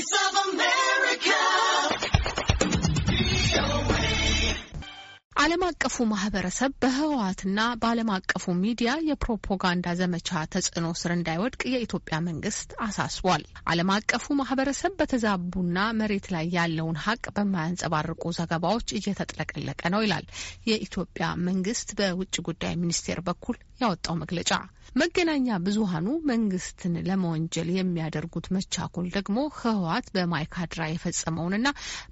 voice of ዓለም አቀፉ ማህበረሰብ በህወሀትና በዓለም አቀፉ ሚዲያ የፕሮፓጋንዳ ዘመቻ ተጽዕኖ ስር እንዳይወድቅ የኢትዮጵያ መንግስት አሳስቧል። ዓለም አቀፉ ማህበረሰብ በተዛቡና መሬት ላይ ያለውን ሀቅ በማያንጸባርቁ ዘገባዎች እየተጥለቀለቀ ነው ይላል የኢትዮጵያ መንግስት በውጭ ጉዳይ ሚኒስቴር በኩል ያወጣው መግለጫ። መገናኛ ብዙሀኑ መንግስትን ለመወንጀል የሚያደርጉት መቻኩል ደግሞ ህወሀት በማይካድራ የፈጸመውንና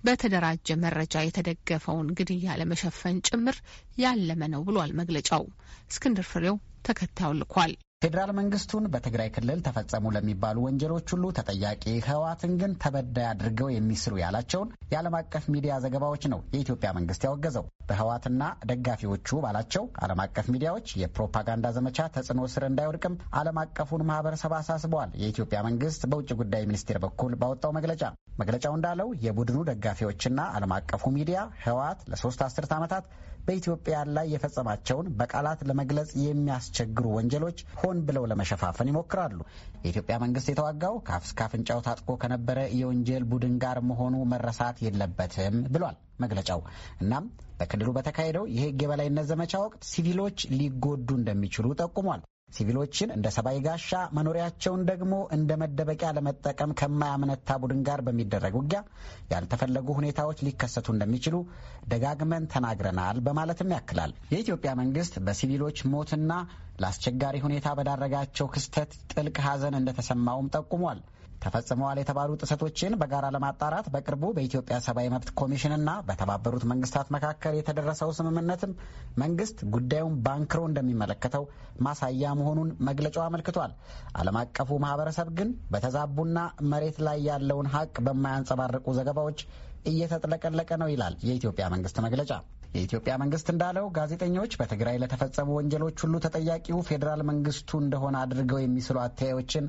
በተደራጀ መረጃ የተደገፈውን ግድያ ለመሸፈን ጭምር ያለመ ነው ብሏል መግለጫው። እስክንድር ፍሬው ተከታዩ ልኳል። ፌዴራል መንግስቱን በትግራይ ክልል ተፈጸሙ ለሚባሉ ወንጀሎች ሁሉ ተጠያቂ ህወሓትን ግን ተበዳይ አድርገው የሚስሉ ያላቸውን የዓለም አቀፍ ሚዲያ ዘገባዎች ነው የኢትዮጵያ መንግስት ያወገዘው። በህወሓትና ደጋፊዎቹ ባላቸው ዓለም አቀፍ ሚዲያዎች የፕሮፓጋንዳ ዘመቻ ተጽዕኖ ስር እንዳይወድቅም ዓለም አቀፉን ማህበረሰብ አሳስበዋል። የኢትዮጵያ መንግስት በውጭ ጉዳይ ሚኒስቴር በኩል ባወጣው መግለጫ መግለጫው እንዳለው የቡድኑ ደጋፊዎችና ዓለም አቀፉ ሚዲያ ህወሓት ለሶስት አስርት ዓመታት በኢትዮጵያ ላይ የፈጸማቸውን በቃላት ለመግለጽ የሚያስቸግሩ ወንጀሎች ሆን ብለው ለመሸፋፈን ይሞክራሉ። የኢትዮጵያ መንግስት የተዋጋው ከአፍ እስከ አፍንጫው ታጥቆ ከነበረ የወንጀል ቡድን ጋር መሆኑ መረሳት የለበትም ብሏል መግለጫው። እናም በክልሉ በተካሄደው የህግ የበላይነት ዘመቻ ወቅት ሲቪሎች ሊጎዱ እንደሚችሉ ጠቁሟል። ሲቪሎችን እንደ ሰብአዊ ጋሻ መኖሪያቸውን ደግሞ እንደ መደበቂያ ለመጠቀም ከማያመነታ ቡድን ጋር በሚደረግ ውጊያ ያልተፈለጉ ሁኔታዎች ሊከሰቱ እንደሚችሉ ደጋግመን ተናግረናል በማለትም ያክላል። የኢትዮጵያ መንግስት በሲቪሎች ሞትና ለአስቸጋሪ ሁኔታ በዳረጋቸው ክስተት ጥልቅ ሐዘን እንደተሰማውም ጠቁሟል። ተፈጽመዋል የተባሉ ጥሰቶችን በጋራ ለማጣራት በቅርቡ በኢትዮጵያ ሰብአዊ መብት ኮሚሽንና በተባበሩት መንግስታት መካከል የተደረሰው ስምምነትም መንግስት ጉዳዩን ባንክሮ እንደሚመለከተው ማሳያ መሆኑን መግለጫው አመልክቷል። ዓለም አቀፉ ማህበረሰብ ግን በተዛቡና መሬት ላይ ያለውን ሀቅ በማያንጸባርቁ ዘገባዎች እየተጥለቀለቀ ነው ይላል የኢትዮጵያ መንግስት መግለጫ። የኢትዮጵያ መንግስት እንዳለው ጋዜጠኞች በትግራይ ለተፈጸሙ ወንጀሎች ሁሉ ተጠያቂው ፌዴራል መንግስቱ እንደሆነ አድርገው የሚስሉ አተያዮችን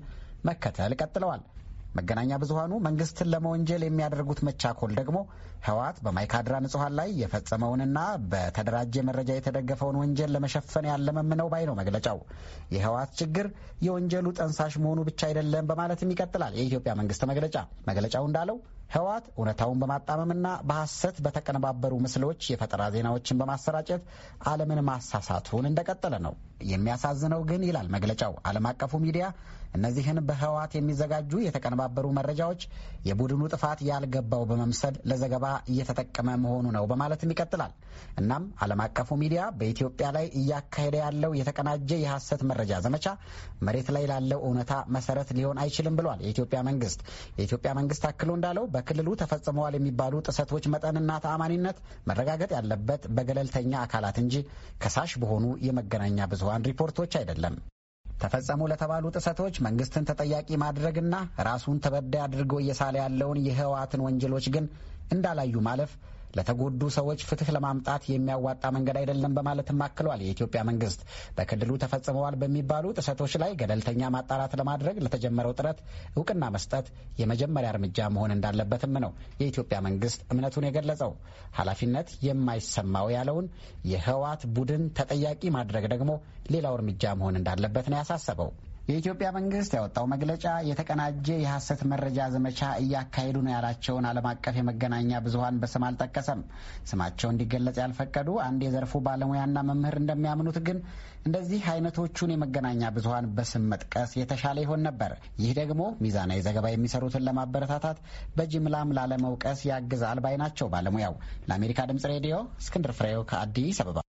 መከተል ቀጥለዋል። መገናኛ ብዙኃኑ መንግስትን ለመወንጀል የሚያደርጉት መቻኮል ደግሞ ህወሓት በማይካድራ ንጹሐን ላይ የፈጸመውንና በተደራጀ መረጃ የተደገፈውን ወንጀል ለመሸፈን ያለመም ነው ባይ ነው መግለጫው። የህወሓት ችግር የወንጀሉ ጠንሳሽ መሆኑ ብቻ አይደለም በማለትም ይቀጥላል የኢትዮጵያ መንግስት መግለጫ። መግለጫው እንዳለው ህወሓት እውነታውን በማጣመምና በሐሰት በተቀነባበሩ ምስሎች የፈጠራ ዜናዎችን በማሰራጨት ዓለምን ማሳሳቱን እንደቀጠለ ነው። የሚያሳዝነው ግን ይላል መግለጫው፣ ዓለም አቀፉ ሚዲያ እነዚህን በህወሓት የሚዘጋጁ የተቀነባበሩ መረጃዎች የቡድኑ ጥፋት ያልገባው በመምሰል ለዘገባ እየተጠቀመ መሆኑ ነው በማለትም ይቀጥላል። እናም ዓለም አቀፉ ሚዲያ በኢትዮጵያ ላይ እያካሄደ ያለው የተቀናጀ የሐሰት መረጃ ዘመቻ መሬት ላይ ላለው እውነታ መሰረት ሊሆን አይችልም ብሏል የኢትዮጵያ መንግስት። የኢትዮጵያ መንግስት አክሎ እንዳለው በክልሉ ተፈጽመዋል የሚባሉ ጥሰቶች መጠንና ተአማኒነት መረጋገጥ ያለበት በገለልተኛ አካላት እንጂ ከሳሽ በሆኑ የመገናኛ ብዙሀን ሪፖርቶች አይደለም። ተፈጸሙ ለተባሉ ጥሰቶች መንግስትን ተጠያቂ ማድረግና ራሱን ተበዳይ አድርጎ እየሳለ ያለውን የህወሓትን ወንጀሎች ግን እንዳላዩ ማለፍ ለተጎዱ ሰዎች ፍትህ ለማምጣት የሚያዋጣ መንገድ አይደለም በማለትም አክሏል። የኢትዮጵያ መንግስት በክልሉ ተፈጽመዋል በሚባሉ ጥሰቶች ላይ ገለልተኛ ማጣራት ለማድረግ ለተጀመረው ጥረት እውቅና መስጠት የመጀመሪያ እርምጃ መሆን እንዳለበትም ነው የኢትዮጵያ መንግስት እምነቱን የገለጸው። ኃላፊነት የማይሰማው ያለውን የህወሓት ቡድን ተጠያቂ ማድረግ ደግሞ ሌላው እርምጃ መሆን እንዳለበት ነው ያሳሰበው። የኢትዮጵያ መንግስት ያወጣው መግለጫ የተቀናጀ የሐሰት መረጃ ዘመቻ እያካሄዱ ነው ያላቸውን ዓለም አቀፍ የመገናኛ ብዙሀን በስም አልጠቀሰም። ስማቸው እንዲገለጽ ያልፈቀዱ አንድ የዘርፉ ባለሙያና መምህር እንደሚያምኑት ግን እንደዚህ አይነቶቹን የመገናኛ ብዙሀን በስም መጥቀስ የተሻለ ይሆን ነበር። ይህ ደግሞ ሚዛናዊ ዘገባ የሚሰሩትን ለማበረታታት በጅምላም ላለመውቀስ ያግዛል ባይ ናቸው ባለሙያው። ለአሜሪካ ድምጽ ሬዲዮ እስክንድር ፍሬው ከአዲስ አበባ